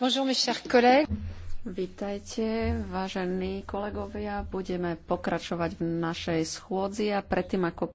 Bonjour, mes chers collègues. Vítajte, vážení kolegovia. Budeme pokračovať v našej schôdzi a predtým, ako